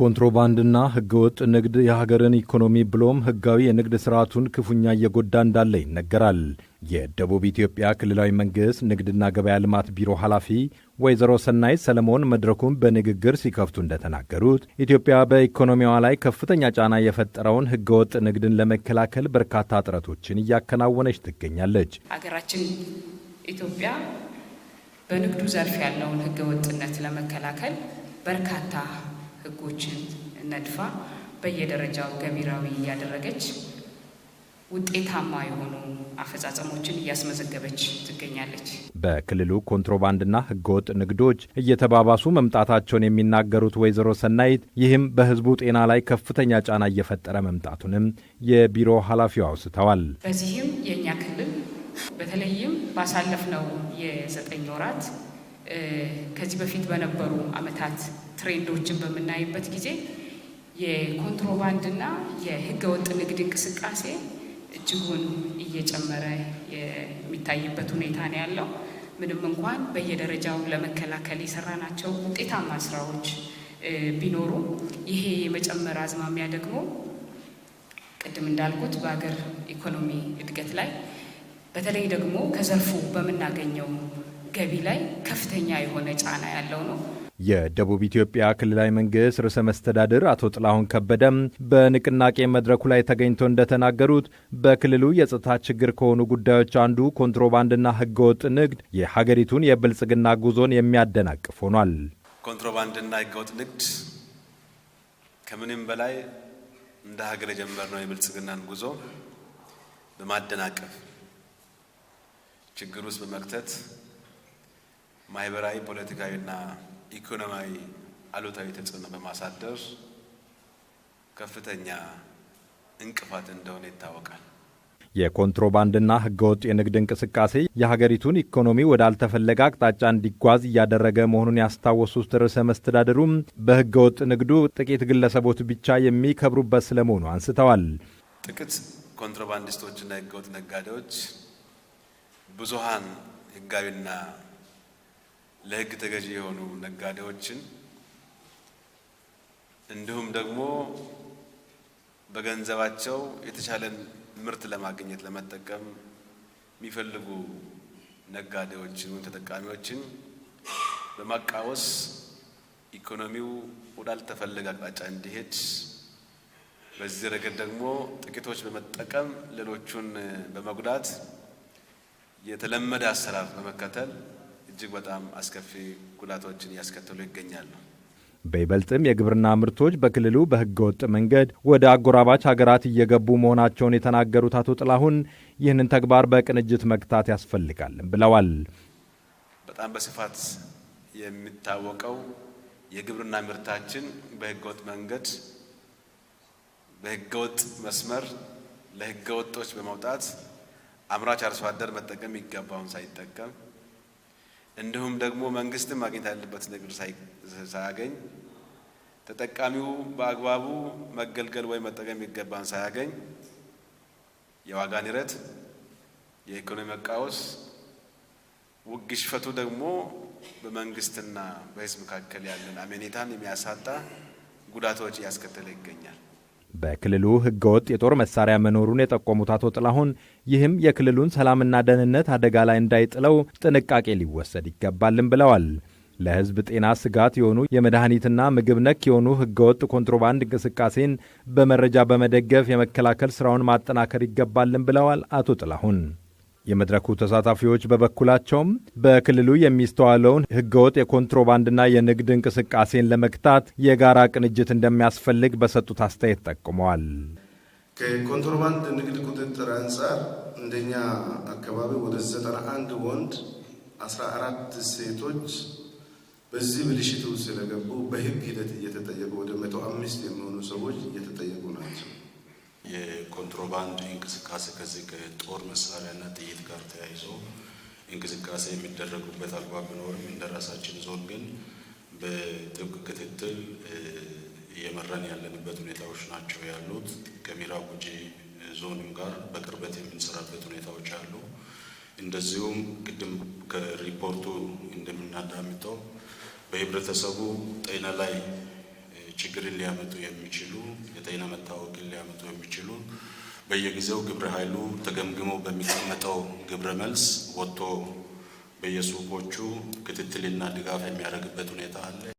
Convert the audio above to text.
ኮንትሮባንድና ህገወጥ ንግድ የሀገርን ኢኮኖሚ ብሎም ህጋዊ የንግድ ስርዓቱን ክፉኛ እየጎዳ እንዳለ ይነገራል። የደቡብ ኢትዮጵያ ክልላዊ መንግሥት ንግድና ገበያ ልማት ቢሮ ኃላፊ ወይዘሮ ሰናይ ሰለሞን መድረኩን በንግግር ሲከፍቱ እንደተናገሩት ኢትዮጵያ በኢኮኖሚዋ ላይ ከፍተኛ ጫና የፈጠረውን ህገወጥ ንግድን ለመከላከል በርካታ ጥረቶችን እያከናወነች ትገኛለች። ሀገራችን ኢትዮጵያ በንግዱ ዘርፍ ያለውን ህገወጥነት ለመከላከል በርካታ ህጎችን ነድፋ በየደረጃው ገቢራዊ እያደረገች ውጤታማ የሆኑ አፈጻጸሞችን እያስመዘገበች ትገኛለች። በክልሉ ኮንትሮባንድና ህገወጥ ንግዶች እየተባባሱ መምጣታቸውን የሚናገሩት ወይዘሮ ሰናይት ይህም በህዝቡ ጤና ላይ ከፍተኛ ጫና እየፈጠረ መምጣቱንም የቢሮ ኃላፊው አውስተዋል። በዚህም የእኛ ክልል በተለይም ባሳለፍነው የዘጠኝ ወራት ከዚህ በፊት በነበሩ አመታት ትሬንዶችን በምናይበት ጊዜ የኮንትሮባንድና የህገወጥ ንግድ እንቅስቃሴ እጅጉን እየጨመረ የሚታይበት ሁኔታ ነው ያለው። ምንም እንኳን በየደረጃው ለመከላከል የሰራናቸው ውጤታማ ስራዎች ቢኖሩ ይሄ የመጨመር አዝማሚያ ደግሞ ቅድም እንዳልኩት በሀገር ኢኮኖሚ እድገት ላይ በተለይ ደግሞ ከዘርፉ በምናገኘው ገቢ ላይ ከፍተኛ የሆነ ጫና ያለው ነው። የደቡብ ኢትዮጵያ ክልላዊ መንግስት ርዕሰ መስተዳድር አቶ ጥላሁን ከበደም በንቅናቄ መድረኩ ላይ ተገኝቶ እንደተናገሩት በክልሉ የጸጥታ ችግር ከሆኑ ጉዳዮች አንዱ ኮንትሮባንድና ህገወጥ ንግድ የሀገሪቱን የብልጽግና ጉዞን የሚያደናቅፍ ሆኗል። ኮንትሮባንድና ህገወጥ ንግድ ከምንም በላይ እንደ ሀገር የጀመርነው የብልጽግናን ጉዞ በማደናቀፍ ችግር ውስጥ በመክተት ማህበራዊ ፖለቲካዊና ኢኮኖሚያዊ አሉታዊ ተጽዕኖ በማሳደር ከፍተኛ እንቅፋት እንደሆነ ይታወቃል። የኮንትሮባንድና ህገወጥ የንግድ እንቅስቃሴ የሀገሪቱን ኢኮኖሚ ወዳልተፈለገ አቅጣጫ እንዲጓዝ እያደረገ መሆኑን ያስታወሱት ርዕሰ መስተዳድሩም በህገወጥ ንግዱ ጥቂት ግለሰቦች ብቻ የሚከብሩበት ስለመሆኑ አንስተዋል። ጥቂት ኮንትሮባንዲስቶችና ህገወጥ ነጋዴዎች ብዙሀን ህጋዊና ለህግ ተገዢ የሆኑ ነጋዴዎችን እንዲሁም ደግሞ በገንዘባቸው የተሻለን ምርት ለማግኘት ለመጠቀም የሚፈልጉ ነጋዴዎችን ወይም ተጠቃሚዎችን በማቃወስ ኢኮኖሚው ወዳልተፈለገ አቅጣጫ እንዲሄድ በዚህ ረገድ ደግሞ ጥቂቶች በመጠቀም ሌሎቹን በመጉዳት የተለመደ አሰራር በመከተል እጅግ በጣም አስከፊ ጉዳቶችን እያስከተሉ ይገኛሉ። በይበልጥም የግብርና ምርቶች በክልሉ በህገወጥ መንገድ ወደ አጎራባች ሀገራት እየገቡ መሆናቸውን የተናገሩት አቶ ጥላሁን ይህንን ተግባር በቅንጅት መግታት ያስፈልጋል ብለዋል። በጣም በስፋት የሚታወቀው የግብርና ምርታችን በህገወጥ መንገድ በህገወጥ መስመር ለህገወጦች በመውጣት አምራች አርሶ አደር መጠቀም ይገባውን ሳይጠቀም እንዲሁም ደግሞ መንግስትም ማግኘት ያለበት ነገር ሳያገኝ ተጠቃሚው በአግባቡ መገልገል ወይም መጠቀም የሚገባን ሳያገኝ የዋጋ ንረት፣ የኢኮኖሚ መቃወስ፣ ውግሽፈቱ ደግሞ በመንግስትና በህዝብ መካከል ያለን አመኔታን የሚያሳጣ ጉዳቶች እያስከተለ ይገኛል። በክልሉ ህገወጥ የጦር መሳሪያ መኖሩን የጠቆሙት አቶ ጥላሁን ይህም የክልሉን ሰላምና ደህንነት አደጋ ላይ እንዳይጥለው ጥንቃቄ ሊወሰድ ይገባልን ብለዋል። ለህዝብ ጤና ስጋት የሆኑ የመድኃኒትና ምግብ ነክ የሆኑ ህገወጥ ኮንትሮባንድ እንቅስቃሴን በመረጃ በመደገፍ የመከላከል ስራውን ማጠናከር ይገባልን ብለዋል አቶ ጥላሁን የመድረኩ ተሳታፊዎች በበኩላቸውም በክልሉ የሚስተዋለውን ህገወጥ የኮንትሮባንድና የንግድ እንቅስቃሴን ለመግታት የጋራ ቅንጅት እንደሚያስፈልግ በሰጡት አስተያየት ጠቁመዋል። ከኮንትሮባንድ ንግድ ቁጥጥር አንጻር እንደኛ አካባቢ ወደ 91 ወንድ 14 ሴቶች በዚህ ውስጥ ስለገቡ በህግ ሂደት እየተጠየቁ ወደ መቶ የሚሆኑ ሰዎች እየተጠየቁ ናቸው። የኮንትሮባንድ እንቅስቃሴ ከዚህ ከጦር መሳሪያና ጥይት ጋር ተያይዞ እንቅስቃሴ የሚደረጉበት አግባብ ቢኖርም እንደ ራሳችን ዞን ግን በጥብቅ ክትትል እየመራን ያለንበት ሁኔታዎች ናቸው ያሉት። ከምዕራብ ጉጂ ዞንም ጋር በቅርበት የምንሰራበት ሁኔታዎች አሉ። እንደዚሁም ቅድም ከሪፖርቱ እንደምናዳምጠው በህብረተሰቡ ጤና ላይ ችግርን ሊያመጡ የሚችሉ የጤና መታወቅን ሊያመጡ የሚችሉ በየጊዜው ግብረ ኃይሉ ተገምግሞ በሚቀመጠው ግብረ መልስ ወጥቶ በየሱቆቹ ክትትልና ድጋፍ የሚያደርግበት ሁኔታ አለ።